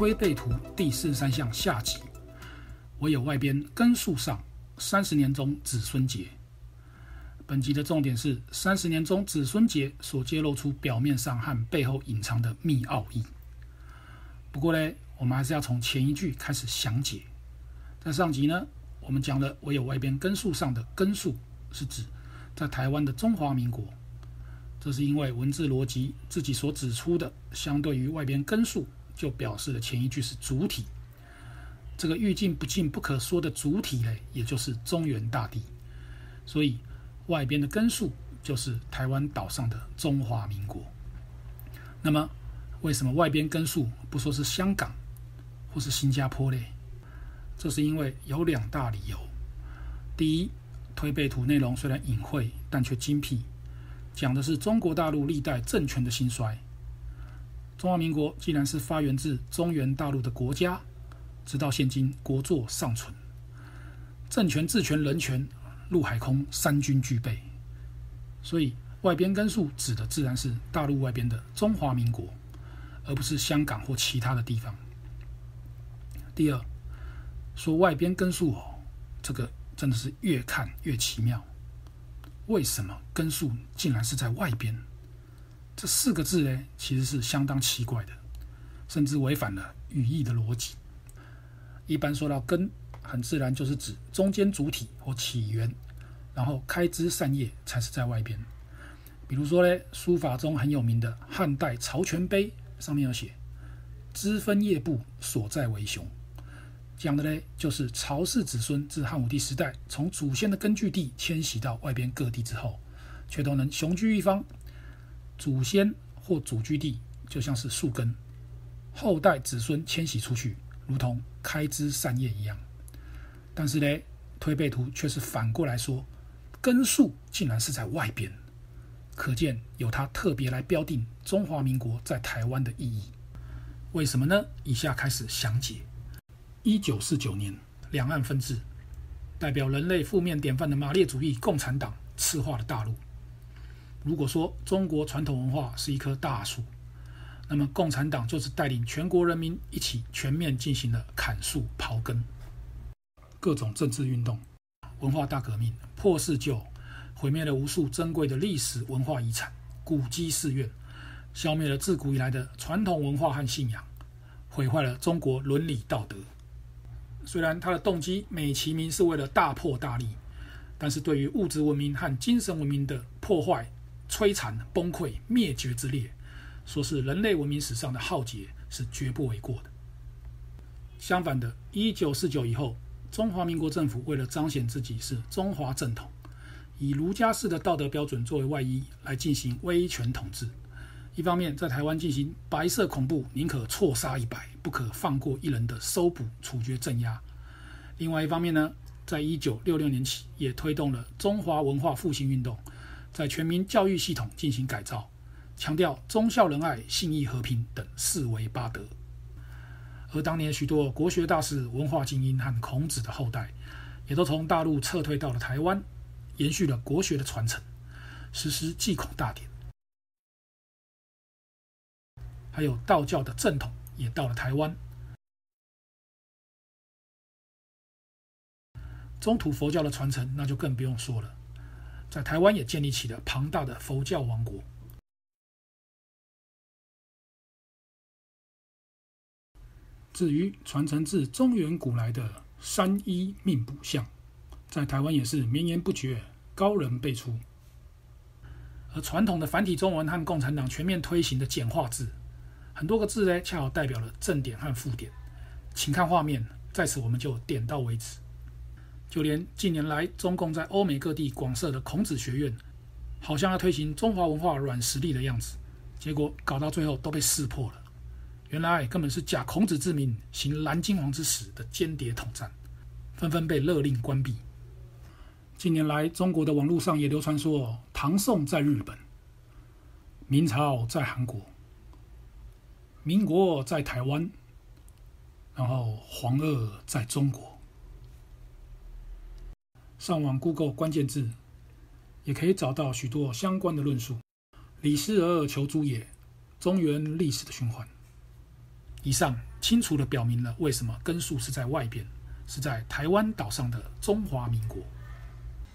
推背圖第四十三象下集，唯有外邊根樹上，三十年中子孫結。本集的重點是三十年中子孫結所揭露出表面上和背後隱藏的密奧義。不過呢，我們還是要從前一句開始詳解。在上集呢，我們講了唯有外邊根樹上的根樹是指在台灣的中華民國，這是因為文字邏輯自己所指出的，相對於外邊根樹。就表示了前一句是主體，這個欲盡不盡不可說的主體呢，也就是中原大地。所以外邊的根樹就是台灣島上的中華民國。那麼為什麼外邊根樹不說是香港或是新加坡嘞？這是因為有兩大理由。第一，推背圖內容雖然隱晦，但卻精闢，講的是中國大陸歷代政權的興衰。中華民國既然是發源自中原大陸的國家，直到現今國祚尚存，政權、治權、人權、陸海空三軍俱備，所以外邊根樹指的自然是大陸外邊的中華民國，而不是香港或其他的地方。第二，說外邊根樹哦，這個真的是越看越奇妙，為什麼根樹竟然是在外邊？這四個字呢，其實是相當奇怪的，甚至違反了語義的邏輯。一般說到根，很自然就是指中間主體或起源，然後開枝散葉才是在外邊。比如說呢，書法中很有名的漢代《曹全碑》上面有寫：“枝分葉布所在為雄。”講的呢，就是曹氏子孫自漢武帝時代從祖先的根據地遷徙到外邊各地之後，卻都能雄居一方。祖先或祖居地就像是樹根，後代子孫遷徙出去，如同開枝散葉一樣。但是呢，推背圖卻是反過來說，根樹竟然是在外邊。可見有它特別來標定中華民國在台灣的意義。為什麼呢？以下開始詳解。一九四九年，兩岸分治，代表人類負面典範的馬列主義共產黨，赤化了大陸。如果說中國傳統文化是一棵大樹，那麼共產黨就是帶領全國人民一起全面進行了砍樹、刨根，各種政治運動、文化大革命破四舊，事毀滅了無數珍貴的歷史文化遺產、古跡寺院，消滅了自古以來的傳統文化和信仰，毀壞了中國倫理道德。雖然它的動機美其名是為了大破大立，但是對於物質文明和精神文明的破壞。摧殘、崩潰、滅絕之列，說是人類文明史上的浩劫是絕不為過的。相反的，一九四九以後，中華民國政府為了彰顯自己是中華正統，以儒家式的道德標準作為外衣來進行威權統治。一方面，在台灣進行白色恐怖，寧可錯殺一百，不可放過一人的搜捕、處決、鎮壓；另外一方面呢，在一九六六年起也推動了中華文化復興運動。在全民教育系統進行改造，強調忠孝仁愛信義和平等四維八德。而當年許多國學大師、文化精英和孔子的後代，也都從大陸撤退到了台灣，延續了國學的傳承，實施祭孔大典。還有道教的正統也到了台灣。中土佛教的傳承那就更不用說了。在台灣也建立起了龐大的佛教王國。至於傳承自中原古來的三一命卜相，在台灣也是綿延不絕，高人輩出。而傳統的繁體中文和共產黨全面推行的簡化字，很多個字呢，恰好代表了正點和負點，請看畫面，在此我們就點到為止。就連近年來中共在歐美各地廣設的孔子學院，好像要推行中華文化軟實力的樣子，結果搞到最後都被識破了。原來根本是假孔子之名，行藍金黃之實的間諜統戰，紛紛被勒令關閉。近年來中國的網絡上也流傳說，唐宋在日本，明朝在韓國，民國在台灣，然後黃俄在中國。上網 Google 關鍵字，也可以找到許多相關的論述。禮失而，而求諸野，中原歷史的循環。以上清楚地表明了為什麼根樹是在外邊，是在台灣島上的中華民國。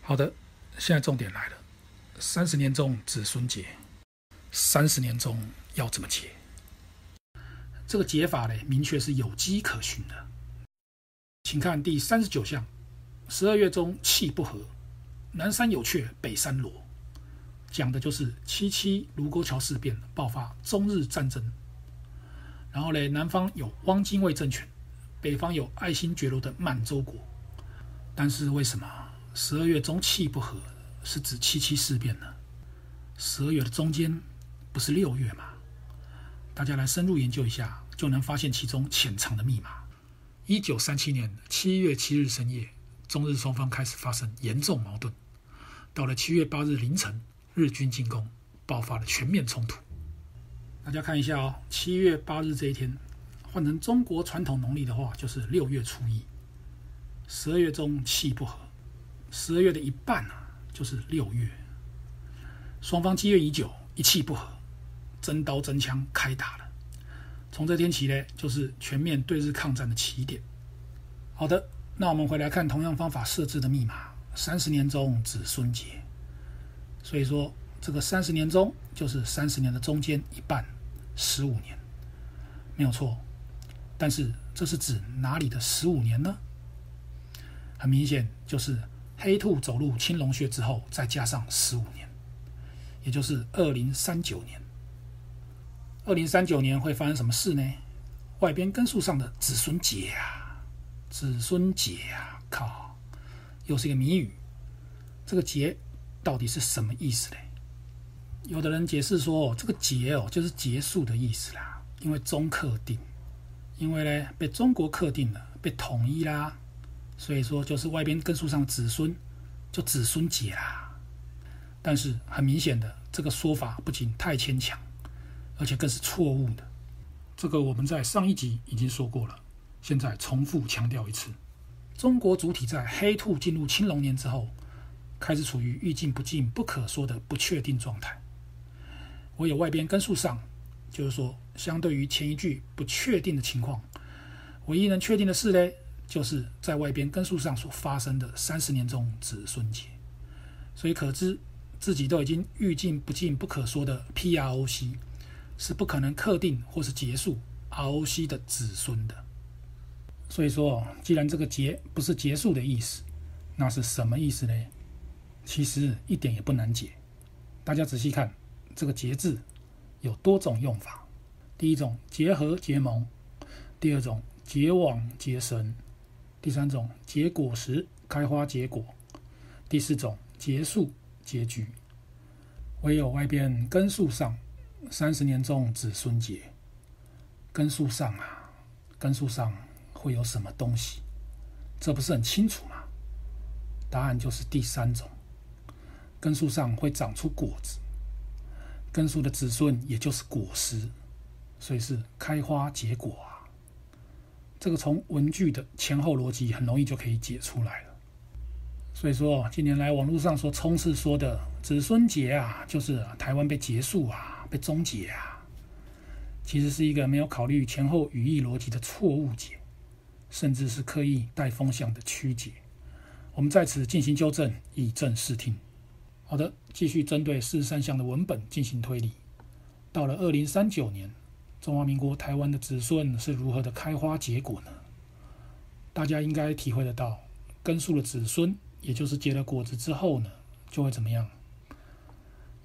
好的，現在重點來了。三十年中子孫結，三十年中要怎麼結？這個解法呢，明確是有跡可循的。請看第三十九象。十二月中氣不和，南山有雀、北山羅，講的就是七七盧溝橋事變爆發中日戰爭。然後呢，南方有汪精衛政權，北方有愛新覺羅的滿洲國。但是為什麼十二月中氣不和是指七七事變呢？十二月的中間不是六月嗎？大家來深入研究一下，就能發現其中潛藏的密碼。一九三七年七月七日深夜。中日雙方開始發生嚴重矛盾，到了七月八日凌晨，日軍進攻，爆發了全面衝突。大家看一下哦，七月八日這一天，換成中國傳統農曆的話，就是六月初一。十二月中氣不和，十二月的一半啊，就是六月。雙方積怨已久，一氣不和，真刀真槍開打了。從這天起呢，就是全面對日抗戰的起點。好的。那我們回來看同樣方法設置的密碼，三十年中子孫結，所以說這個三十年中就是三十年的中間一半，十五年，沒有錯。但是這是指哪裡的十五年呢？很明顯，就是黑兔走入青龍穴之後，再加上十五年，也就是二零三九年。二零三九年會發生什麼事呢？外邊根樹上的子孫結啊！子孫結啊，靠，又是一個謎語。這個“結”到底是什麼意思嘞？有的人解釋說，這個“結”哦，就是結束的意思啦，因為中克定，因為呢被中國克定了，被統一啦，所以說就是外邊根樹上子孫，就子孫結啦。但是很明顯的，這個說法不僅太牽強，而且更是錯誤的。這個我們在上一集已經說過了。現在重複強調一次：中國主體在黑兔進入青龍年之後，開始處於欲進不進、不可說的不確定狀態。惟有外邊根樹上，就是說，相對於前一句不確定的情況，唯一能確定的是呢，就是在外邊根樹上所發生的三十年中子孫結。所以可知，自己都已經欲進不進、不可說的 P R O C，是不可能刻定或是結束 R O C 的子孫的。所以說，既然這個“結”不是結束的意思，那是什麼意思呢？其實一點也不難解。大家仔細看，這個“結”字有多種用法：第一種，結合、結盟；第二種，結網、結繩；第三種，結果實，開花、結果；第四種，結束、結局。唯有外邊根樹上，三十年中子孫結。根樹上啊，根樹上。會有什麼東西？這不是很清楚嗎？答案就是第三種，根樹上會長出果子，根樹的子孫也就是果實，所以是開花結果啊。這個從文句的前後邏輯很容易就可以解出來了。所以說，近年來網絡上所充斥說的子孫結啊，就是台灣被結束啊，被終結啊，其實是一個沒有考慮前後語義邏輯的錯誤解。甚至是刻意帶風向的曲解，我們在此進行糾正，以正視聽。好的，繼續針對四十三象的文本進行推理。到了二零三九年，中華民國台灣的子孫是如何的開花結果呢？大家應該體會得到，根樹的子孫，也就是結了果子之後呢，就會怎麼樣？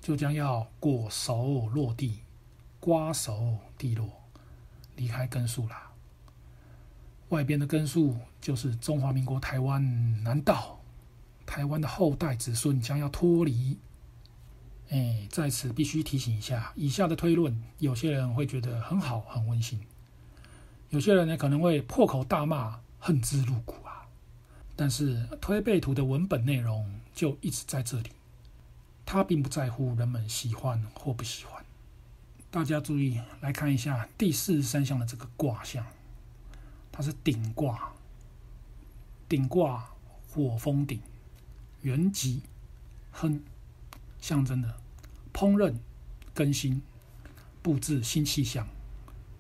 就將要果熟落地，瓜熟蒂落，離開根樹啦。外邊的根樹就是中華民國台灣。難，難道台灣的後代子孫將要脫離？哎，在此必須提醒一下，以下的推論，有些人會覺得很好很溫馨，有些人呢可能會破口大罵，恨之入骨啊。但是推背圖的文本內容就一直在這裡，他並不在乎人們喜歡或不喜歡。大家注意來看一下第四十三象的這個卦象。它是鼎卦，鼎卦火風鼎，元吉，亨，象徵的烹飪、更新、佈置新氣象、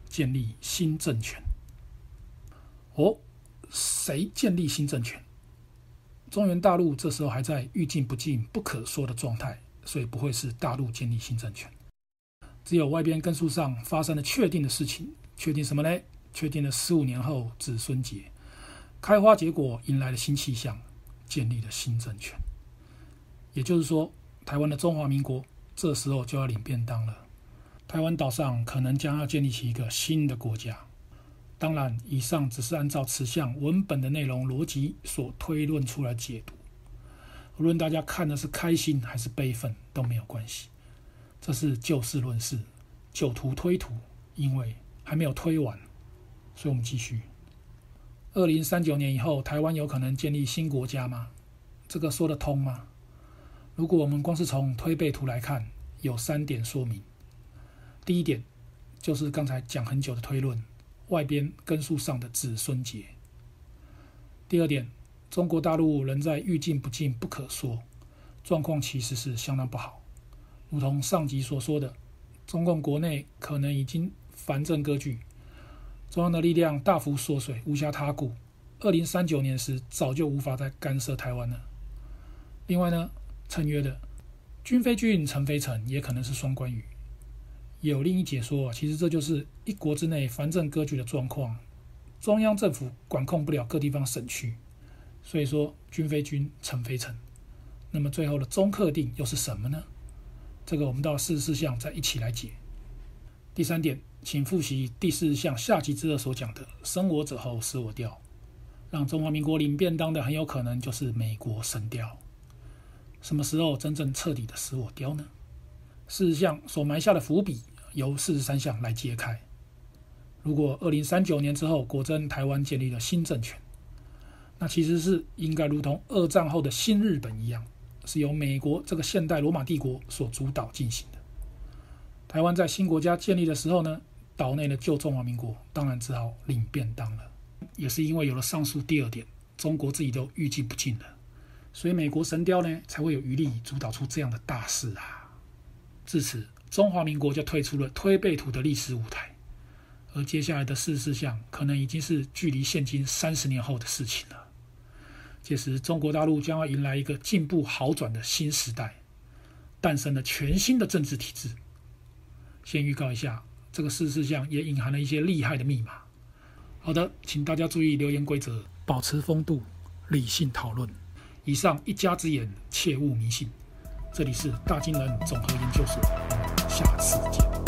建立新政權。哦，誰建立新政權？中原大陸這時候還在欲進不進、不可說的狀態，所以不會是大陸建立新政權。只有外邊根樹上發生了確定的事情，確定什麼呢？確定了十五年後子孫結開花結果，迎來了新氣象，建立了新政權。也就是說，台灣的中華民國這時候就要領便當了。台灣島上可能將要建立起一個新的國家。當然，以上只是按照此項文本的內容邏輯所推論出來解讀。無論大家看的是開心還是悲憤都沒有關係，這是就事論事，就圖推圖，因為還沒有推完。所以，我們繼續。二零三九年以後，台灣有可能建立新國家嗎？這個說得通嗎？如果我們光是從推背圖來看，有三點說明。第一點，就是剛才講很久的推論，外邊根樹上的子孫結。第二點，中國大陸仍在欲進不進不可說，狀況其實是相當不好。如同上集所說的，中共國內可能已經藩鎮割據。中央的力量大幅縮水，無暇他顧。二零三九年時，早就無法再干涉台灣了。另外呢，讖曰，的“君非君，臣非臣”，也可能是雙關語。有另一解說，其實這就是一國之內藩鎮割據的狀況，中央政府管控不了各地方省區，所以說“君非君，臣非臣”。那麼最後的“終克定”又是什麼呢？這個我們到四十四象再一起來解。第三點，請複習第四項下集之二所講的“生我者後死我掉讓中華民國領便當的很有可能就是美國神雕。什麼時候真正徹底的死我掉呢？四項所埋下的伏筆，由四十三項來揭開。如果二零三九年之後果真台灣建立了新政權，那其實是應該如同二戰後的新日本一樣，是由美國這個現代羅馬帝國所主導進行的。台灣在新國家建立的時候呢，島內的舊中華民國當然只好領便當了。也是因為有了上述第二點，中國自己都預計不盡了，所以美國神鵰呢才會有餘力主導出這樣的大事啊。至此，中華民國就退出了推背圖的歷史舞台，而接下來的四十四象可能已經是距離現今三十年後的事情了。屆時，中國大陸將要迎來一個進步好轉的新時代，誕生了全新的政治體制。先預告一下，這個四四象也隱含了一些厲害的密碼。好的，請大家注意留言規則，保持風度，理性討論。以上一家之言，切勿迷信。這裡是大金人總和研究所，我們下次見。